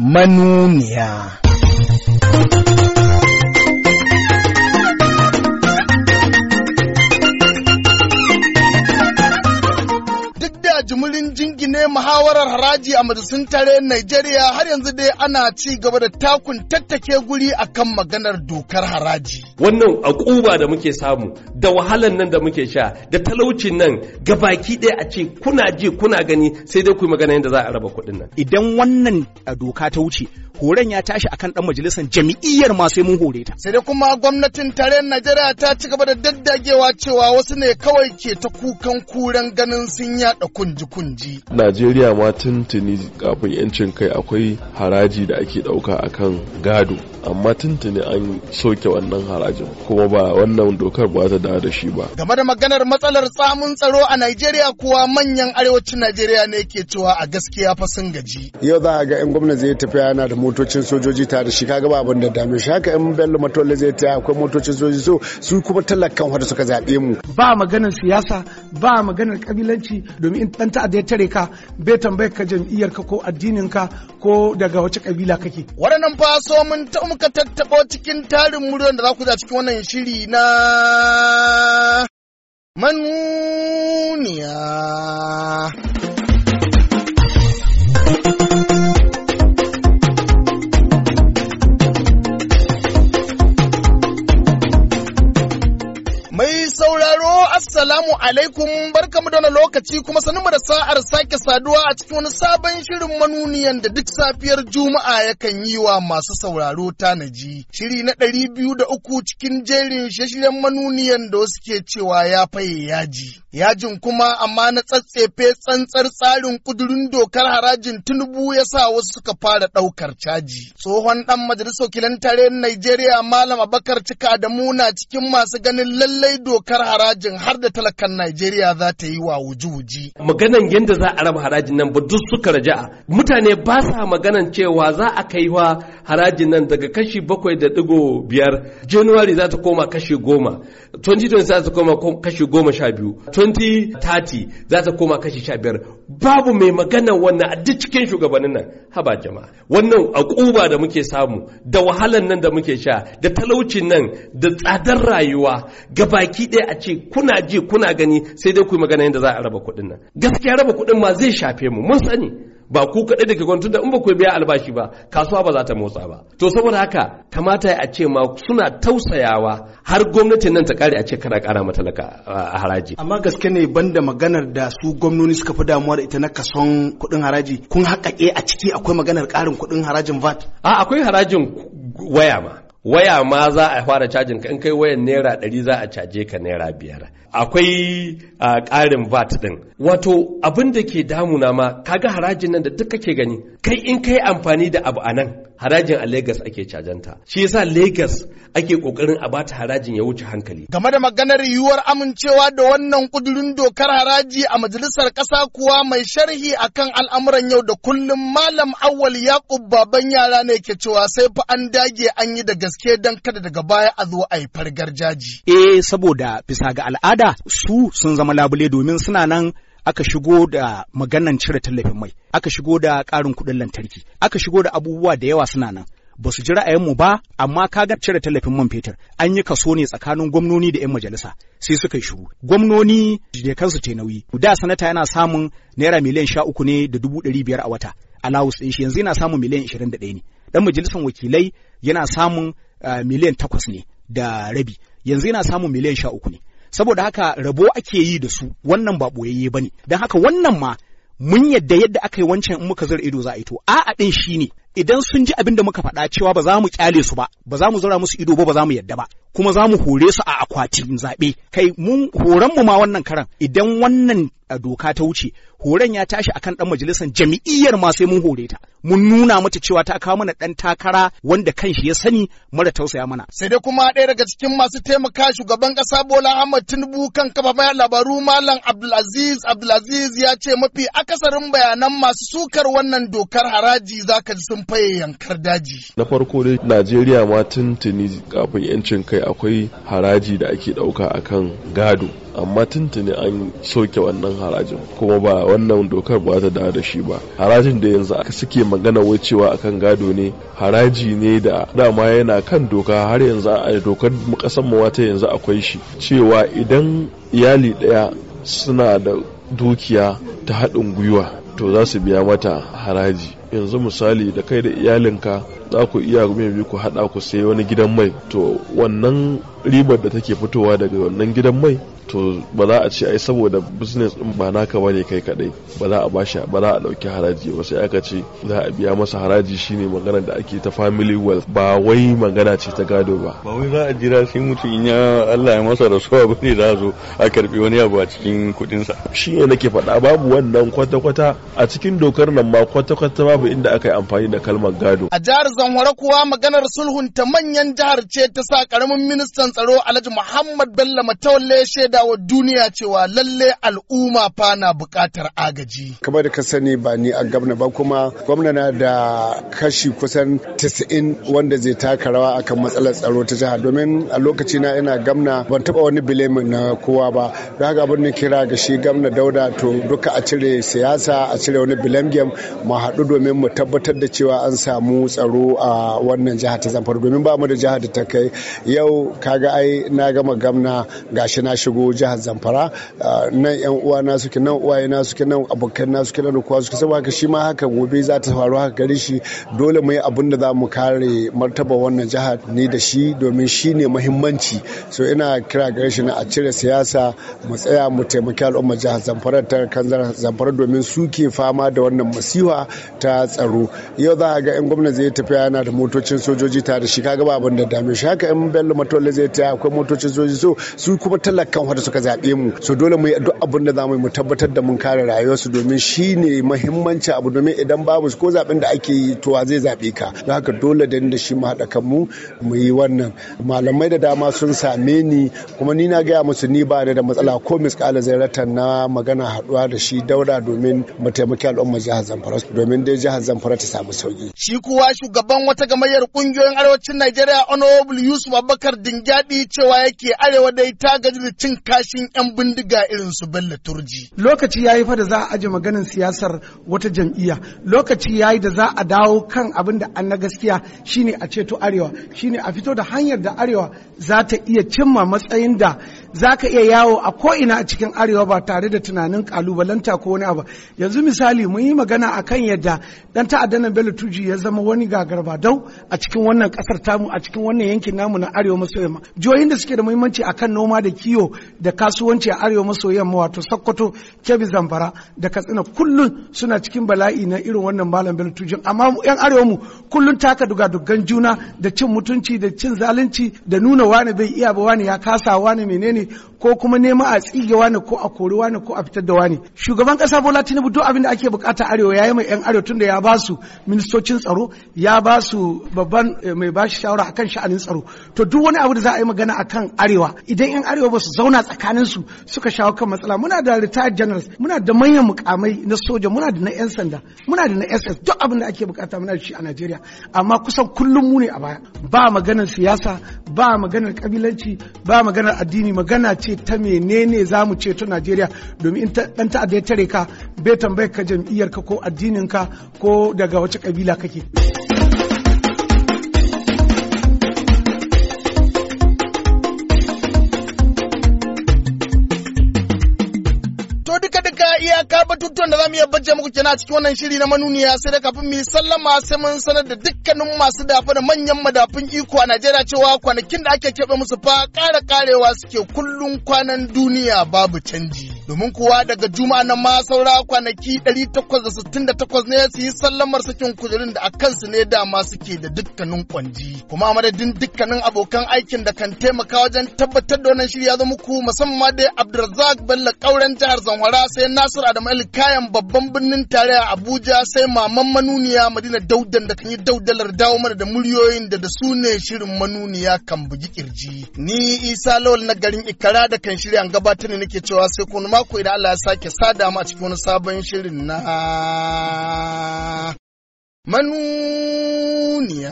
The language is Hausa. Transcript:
manuniya. Duk da jimirin jin gine ne muhawarar haraji a majalisun tare Najeriya har yanzu dai ana ci gaba da takun tattake guri akan maganar dokar haraji. Wannan akuba da muke samu da wahalan nan da muke sha da talaucin nan gabaki ɗaya a ce kuna ji kuna gani sai dai ku magana yadda za a raba kuɗin nan. Idan wannan doka ta wuce horon ya tashi akan ɗan majalisar jami'iyyar masu mun hore ta. Sai dai kuma gwamnatin tare Najeriya ta ci gaba da daddagewa cewa wasu ne kawai ke ta kukan kuren ganin sun yaɗa kunji-kunji. najeriya ma tuntuni kafin yancin kai akwai haraji da ake ɗauka akan gado amma tuntuni an soke wannan harajin kuma ba wannan dokar ba ta da shi ba game da maganar matsalar tsamun tsaro a najeriya kuwa manyan arewacin najeriya ne ke cewa a gaskiya fa sun gaji yau za a ga yan gwamna zai tafiya yana da motocin sojoji tare da shi kaga ba abin da dame shi haka yan bello matola zai tafiya akwai motocin sojoji so su kuma talakan wanda suka zaɓe mu ba maganar siyasa ba maganar kabilanci domin in ɗan ta'adda ya tare ka ka bai tambayar ka jam'iyyar ka ko addinin ka ko daga wace kabila kake waɗannan fa so mun ta muka tattaɓo cikin tarin muryar da za ku da cikin wannan shiri na manuniya sauraro assalamu alaikum barkamu da lokaci kuma sanin mu da sa'ar sake saduwa a cikin wani sabon shirin manuniyan da duk safiyar juma'a yakan yi wa masu sauraro tanaji shiri na ɗari biyu da uku cikin jerin shirin manuniyan da wasu ke cewa ya faye yaji yajin kuma amma na tsatsefe tsantsar tsarin kudurin dokar harajin tinubu ya sa wasu suka fara ɗaukar caji tsohon ɗan majalisar wakilan tarayyar najeriya malam abakar cika da muna cikin masu ganin lallai dokar haraji. harajin har da talakan Najeriya za ta yi wa wuji-wuji. Maganan yadda za a raba harajin nan ba duk suka raja'a. Mutane ba sa maganan cewa za a kai wa harajin nan daga kashi bakwai da digo biyar. January za ta koma kashi goma. 2020 za ta koma kashi goma sha biyu. 2030 za ta koma kashi sha biyar. Babu mai maganan wannan a duk cikin shugabannin nan. Haba jama'a. Wannan akuba da muke samu da wahalan nan da muke sha da talaucin nan da tsadar rayuwa gabaki ɗaya a ce kuna ji kuna gani sai dai ku yi magana yadda za a raba kuɗin nan gaskiya raba kuɗin ma zai shafe mu mun sani ba ku kaɗai da ke gwamnati da in ba ku biya albashi ba kasuwa ba za ta motsa ba to saboda haka kamata a ce ma suna tausayawa har gwamnatin nan ta kare a ce kana kara laka a haraji amma gaske ne banda maganar da su gwamnoni suka fi damuwa da ita na kason kuɗin haraji kun haƙaƙe a ciki akwai maganar ƙarin kuɗin harajin VAT a akwai harajin waya ma waya ma za a fara cajin ka in kai wayan naira ɗari za a caje ka naira biyar akwai ƙarin vat ɗin wato abin da ke damuna ma kaga harajin nan da duk kake gani kai in kai amfani da abu a nan harajin a Legas ake cajanta. Shi yasa Legas ake kokarin a bata harajin ya wuce hankali. Game da maganar yiwuwar amincewa da wannan kudurin dokar haraji a majalisar ƙasa kuwa mai sharhi akan al'amuran yau da kullum Malam Awwal Yakub baban yara ne ke cewa sai fa an dage an yi da gaske dan kada daga baya a zo a yi fargar jaji. Eh saboda bisa ga al'ada su sun zama labule domin suna nan aka shigo da maganan cire tallafin mai aka shigo da ƙarin kuɗin lantarki aka shigo da abubuwa da yawa suna nan ba su ji ra'ayinmu ba amma ka kaga cire tallafin man fetur an yi kaso ne tsakanin gwamnoni da 'yan majalisa sai suka yi shiru gwamnoni da kansu ta nauyi da sanata yana samun naira miliyan sha uku ne da dubu ɗari biyar a wata alawus ɗin shi yanzu yana samun miliyan ishirin da ɗaya ne ɗan majalisar wakilai yana samun eh, miliyan takwas ne da rabi yanzu yana samun miliyan sha uku ne saboda haka rabo ake yi da su wannan ba boyayye bane don haka wannan ma mun yadda yadda aka yi wancan in muka zura ido za a yi to a'a din ne. idan sun ji abin da muka faɗa cewa ba za mu kyale su ba ba za mu zura musu ido ba ba za mu yadda ba kuma za mu hore su a akwatin zaɓe kai mun horan mu ma wannan karan idan wannan doka ta wuce horan ya tashi akan dan majalisar jami'iyyar ma sai mun hore ta mun nuna mata cewa ta kawo mana ɗan takara wanda kan shi ya sani mara tausaya mana sai dai kuma ɗaya daga cikin masu taimaka shugaban ƙasa Bola Ahmad Tinubu kan bayan labaru Malam Abdulaziz Abdulaziz ya ce mafi akasarin bayanan masu sukar wannan dokar haraji zaka ji sun sun faye yankar daji. Na farko dai Najeriya ma tuntuni kafin 'yancin kai akwai haraji da ake ɗauka akan gado. amma tuntuni an soke wannan harajin kuma ba wannan dokar ba ta da da shi ba harajin da yanzu aka suke magana wai cewa akan gado ne haraji ne da dama yana kan doka har yanzu a dokar kasan mu ta yanzu akwai shi cewa idan iyali daya suna da dukiya ta haɗin gwiwa to za su biya mata haraji yanzu misali da kai da iyalinka za ku iya mai ku haɗa ku sai wani gidan mai to wannan ribar da take fitowa daga wannan gidan mai to ba za a ce ai saboda business din ba naka bane kai kadai ba za a bashi ba za a dauki haraji ba sai aka ce za a biya masa haraji shine magana da ake ta family wealth ba wai magana ce ta gado ba ba wai za a jira sai mutum in ya Allah ya masa rasuwa bane za a zo a karbi wani abu a cikin kudin sa shi ne nake faɗa babu wannan kwata kwata a cikin dokar nan ma kwata kwata babu inda aka yi amfani da kalmar gado a jihar Zamfara kuwa maganar sulhun ta manyan jihar ce ta sa karamin ministan tsaro Alhaji Muhammad Bello Mataulle shaida wa duniya cewa lalle al'umma fa na buƙatar agaji. Kamar da ka sani ba ni a gwamna ba kuma gwamna na da kashi kusan 90 wanda zai taka rawa akan matsalar tsaro ta jiha domin a lokaci na ina gwamna ban taba wani bilemin na kowa ba don haka abin da kira ga shi gwamna dauda to duka a cire siyasa a cire wani bilemgem mu haɗu domin mu tabbatar da cewa an samu tsaro a wannan jiha ta zamfara domin ba mu da jiha da ta kai yau kaga ai na gama gwamna gashi na shigo jihar zamfara nan yan uwa na suke nan uwaye na suke nan abokan na suke nan kuwa suke saboda haka shi ma haka gobe za ta faru haka gare shi dole mu yi abin da za mu kare martaba wannan jihar ni da shi domin shi ne muhimmanci so ina kira gare shi na a cire siyasa mu tsaya mu taimaki al'ummar jihar zamfara ta kanzar zamfara domin suke fama da wannan masiwa ta tsaro yau za a ga yan gwamnati zai tafiya yana da motocin sojoji tare da shi kaga ba abin da dame shi haka yan bello matolle zai ta akwai motocin sojoji so su kuma talakan da suka zaɓe mu so dole mu duk abin da zamu mu tabbatar da mun kare rayuwarsu domin ne muhimmanci abu domin idan babu ko zaben da ake yi to zai zaɓe ka don haka dole da da shi mu haɗa kanmu mu yi wannan malamai da dama sun same ni kuma ni na gaya musu ni ba da matsala ko miskala zairatan na magana haɗuwa da shi daura domin mu taimaki al'umma jihar Zamfara domin dai jihar Zamfara ta samu sauki shi kuwa shugaban wata gamayyar kungiyoyin arewacin Najeriya Honorable Yusuf Abubakar Dingyadi cewa yake arewa dai ta gaji da cin kashin 'yan bindiga irin su Bello Turji. Lokaci ya yi fa da za a aje maganin siyasar wata jam'iyya. Lokaci ya yi da za a dawo kan abin da an na gaskiya shine a ceto Arewa, shine a fito da hanyar da Arewa za ta iya cimma matsayin da za ka iya yawo a ko'ina a cikin arewa ba tare da tunanin kalubalanta ko wani abu yanzu misali mun yi magana a kan yadda dan ta'addan bello tuji ya zama wani gagarba dau a cikin wannan kasar tamu a cikin wannan yankin namu na arewa maso yamma jihohin da suke da muhimmanci a kan noma da kiwo da kasuwanci a arewa maso yamma wato sokoto kebbi zamfara da katsina kullum suna cikin bala'i na irin wannan malam bello tujin amma yan arewa mu kullum taka duga dugan juna da cin mutunci da cin zalunci da nuna wani bai iya ba wani ya kasa wani menene ne ko kuma nema a tsige wani ko a kori wani ko a fitar da wani shugaban kasa Bola Tinubu duk abin da ake bukata arewa ya yi mai yan arewa tunda ya ba su ministocin tsaro ya ba su babban eh, mai bashi shawara akan sha'anin tsaro to duk wani abu da za a yi magana akan arewa idan yan arewa ba su zauna tsakanin su suka shawo kan matsala muna da retired generals muna da manyan mukamai na soja muna da na yan sanda muna da na SS duk abin da ake bukata muna da shi a Najeriya amma kusan kullum mu ne a baya ba maganar siyasa ba maganar kabilanci ba maganar addini magana ce ta menene za mu ceto najeriya domin in dan ta'adda ya tare ka bai tambayar ka jam'iyyarka ko addininka ko daga wace kabila kake. iyaka batutuwan da za mu iya bajje muku kenan a cikin wannan shiri na manuniya sai da kafin mu yi sallama sai mun sanar da dukkanin masu dafa da manyan madafun iko a Najeriya cewa kwanakin da ake keɓe musu fa ƙara ƙarewa suke kullum kwanan duniya babu canji. domin kuwa daga juma na ma saura kwanaki 868 ne su yi sallamar sakin kujerun da a kansu ne dama suke da dukkanin kwanji kuma madadin dukkanin abokan aikin da kan taimaka wajen tabbatar da wannan shiri ya ku muku musamman dai Abdulrazak Bello kauren jihar Zamfara sai Nasiru Adamu Ali. Kayan babban birnin tarayya Abuja sai maman manuniya Madina Daudan da kan yi daudalar dawo mana da muryoyin da da su ne shirin manuniya kan bugi kirji ni Isa Lawal na garin Ikara da kan shirya gabatar ne nake cewa sai kuma mako idan Allah ya sake sada mu a cikin wani sabon shirin na manuniya.